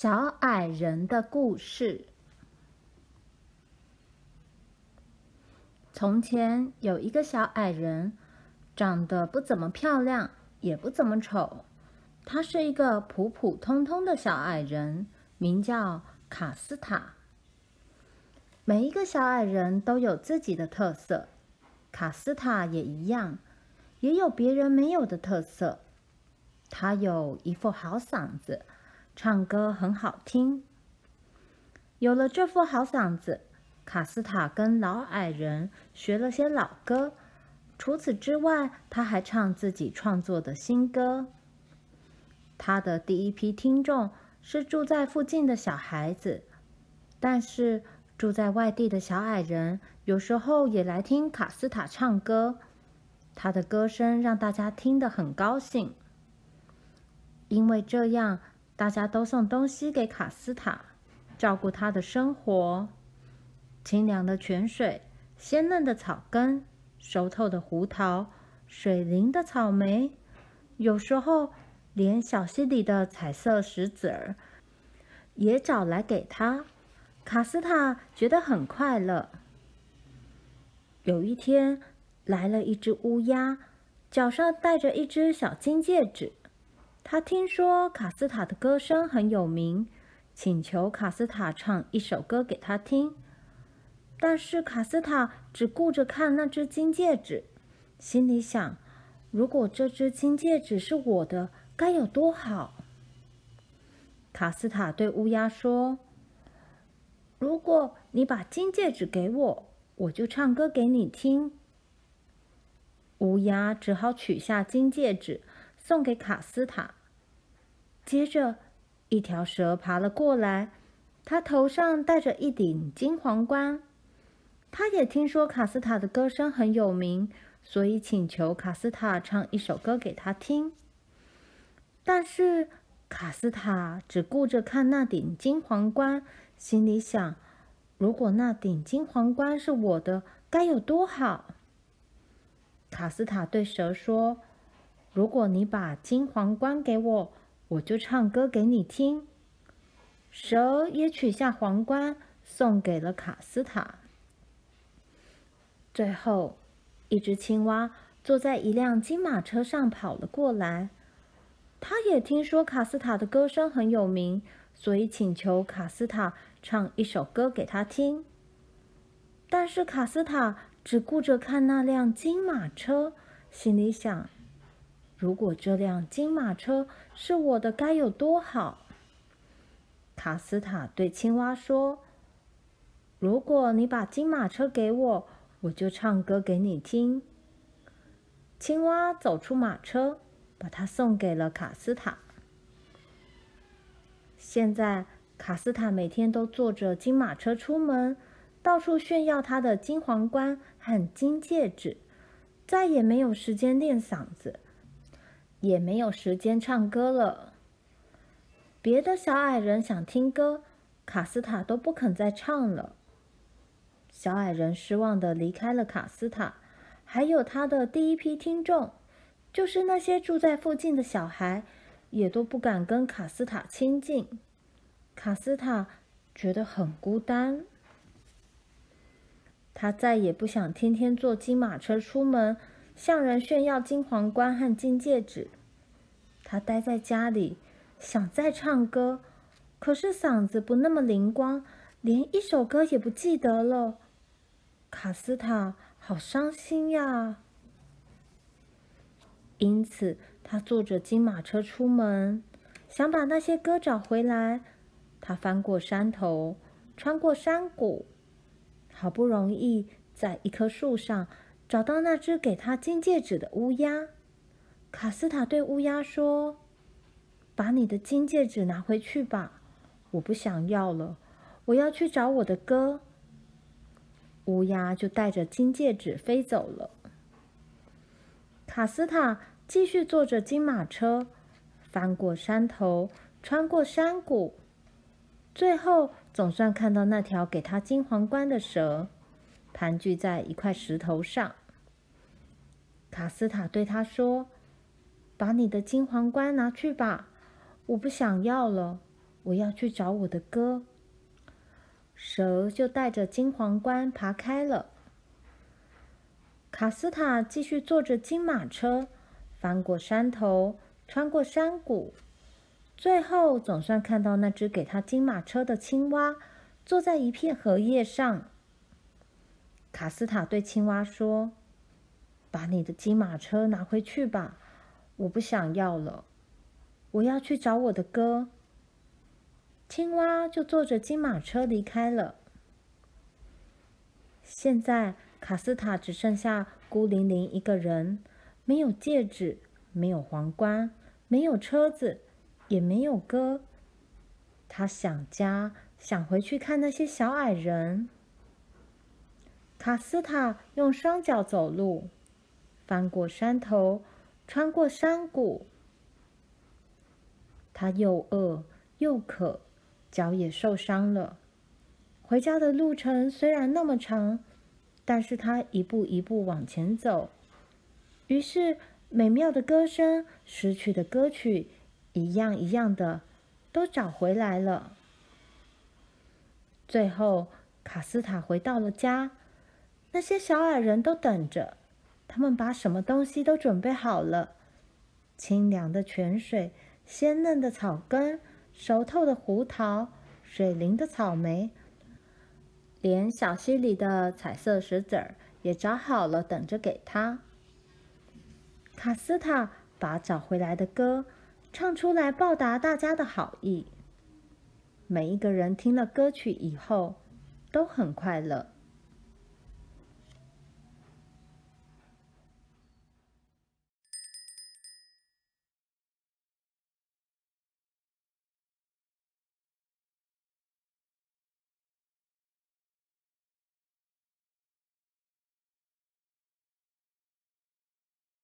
小矮人的故事。從前有一個小矮人，長得不怎麼漂亮，也不怎麼醜。他是一個普普通通的小矮人，名叫卡斯塔。每一個小矮人都有自己的特色，卡斯塔也一樣，也有別人沒有的特色。他有一副好嗓子。唱歌很好聽。有了這副好嗓子，卡斯塔跟老矮人學了些老歌。除此之外，他還唱自己創作的新歌。他的第一批聽眾是住在附近的小孩子，但是住在外地的小矮人有時候也來聽卡斯塔唱歌。他的歌聲讓大家聽得很高興，因為這樣。大家都送東西給卡斯塔，照顧他的生活：清涼的泉水、鮮嫩的草根、熟透的胡桃、水靈的草莓，有時候連小溪裡的彩色石子兒也找來給他。卡斯塔覺得很快樂。有一天，來了一隻烏鴉，腳上戴着一隻小金戒指。他聽說卡斯塔的歌聲很有名，請求卡斯塔唱一首歌給他聽。但是卡斯塔只顧着看那只金戒指，心裡想：如果這只金戒指是我的，該有多好！卡斯塔對烏鴉說：“如果你把金戒指給我，我就唱歌給你聽。”烏鴉只好取下金戒指，送給卡斯塔。接着，一條蛇爬了過來，他頭上戴着一頂金皇冠。他也聽說卡斯塔的歌聲很有名，所以請求卡斯塔唱一首歌給他聽。但是卡斯塔只顧着看那頂金皇冠，心裡想：如果那頂金皇冠是我的，該有多好！卡斯塔對蛇說：“如果你把金皇冠給我。”我就唱歌給你聽。蛇也取下皇冠，送給了卡斯塔。最後，一隻青蛙坐在一輛金馬車上跑了過來。他也聽說卡斯塔的歌聲很有名，所以請求卡斯塔唱一首歌給他聽。但是卡斯塔只顧着看那輛金馬車，心裡想。如果這輛金馬車是我的，該有多好！卡斯塔對青蛙說：“如果你把金馬車給我，我就唱歌給你聽。”青蛙走出馬車，把它送給了卡斯塔。現在，卡斯塔每天都坐着金馬車出門，到處炫耀他的金皇冠和金戒指，再也沒有時間練嗓子。也沒有時間唱歌了。別的小矮人想聽歌，卡斯塔都不肯再唱了。小矮人失望的離開了卡斯塔，還有他的第一批聽眾，就是那些住在附近的小孩，也都不敢跟卡斯塔親近。卡斯塔覺得很孤單，他再也不想天天坐金馬車出門，向人炫耀金皇冠和金戒指，他待在家裡想再唱歌，可是嗓子不那麼靈光，連一首歌也不記得了。卡斯塔好傷心呀，因此他坐着金馬車出門，想把那些歌找回來。他翻過山頭，穿過山谷，好不容易在一棵樹上。找到那隻給他金戒指的烏鴉，卡斯塔對烏鴉說：“把你的金戒指拿回去吧，我不想要了，我要去找我的哥。”烏鴉就帶着金戒指飛走了。卡斯塔繼續坐着金馬車，翻過山頭，穿過山谷，最後總算看到那條給他金皇冠的蛇。盤踞在一塊石頭上，卡斯塔對他說：“把你的金皇冠拿去吧，我不想要了，我要去找我的哥。”蛇就帶着金皇冠爬開了。卡斯塔繼續坐着金馬車，翻過山頭，穿過山谷，最後總算看到那隻給他金馬車的青蛙，坐在一片荷葉上。卡斯塔對青蛙說：“把你的金馬車拿回去吧，我不想要了。我要去找我的歌。”青蛙就坐着金馬車離開了。現在卡斯塔只剩下孤零零一個人，沒有戒指，沒有皇冠，沒有車子，也沒有歌。他想家，想回去看那些小矮人。卡斯塔用雙腳走路，翻過山頭，穿過山谷。他又餓又渴，腳也受傷了。回家的路程雖然那麼長，但是他一步一步往前走。於是，美妙的歌聲、失去的歌曲，一樣一樣的都找回來了。最後，卡斯塔回到了家。那些小矮人都等着，他們把什麼東西都準備好了：清涼的泉水、鮮嫩的草根、熟透的胡桃、水靈的草莓，連小溪裡的彩色石子兒也找好了，等着給他。卡斯塔把找回來的歌唱出來，報答大家的好意。每一個人聽了歌曲以後，都很快樂。